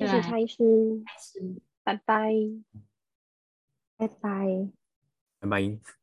謝謝，蔡醫師，拜拜，拜拜，拜拜。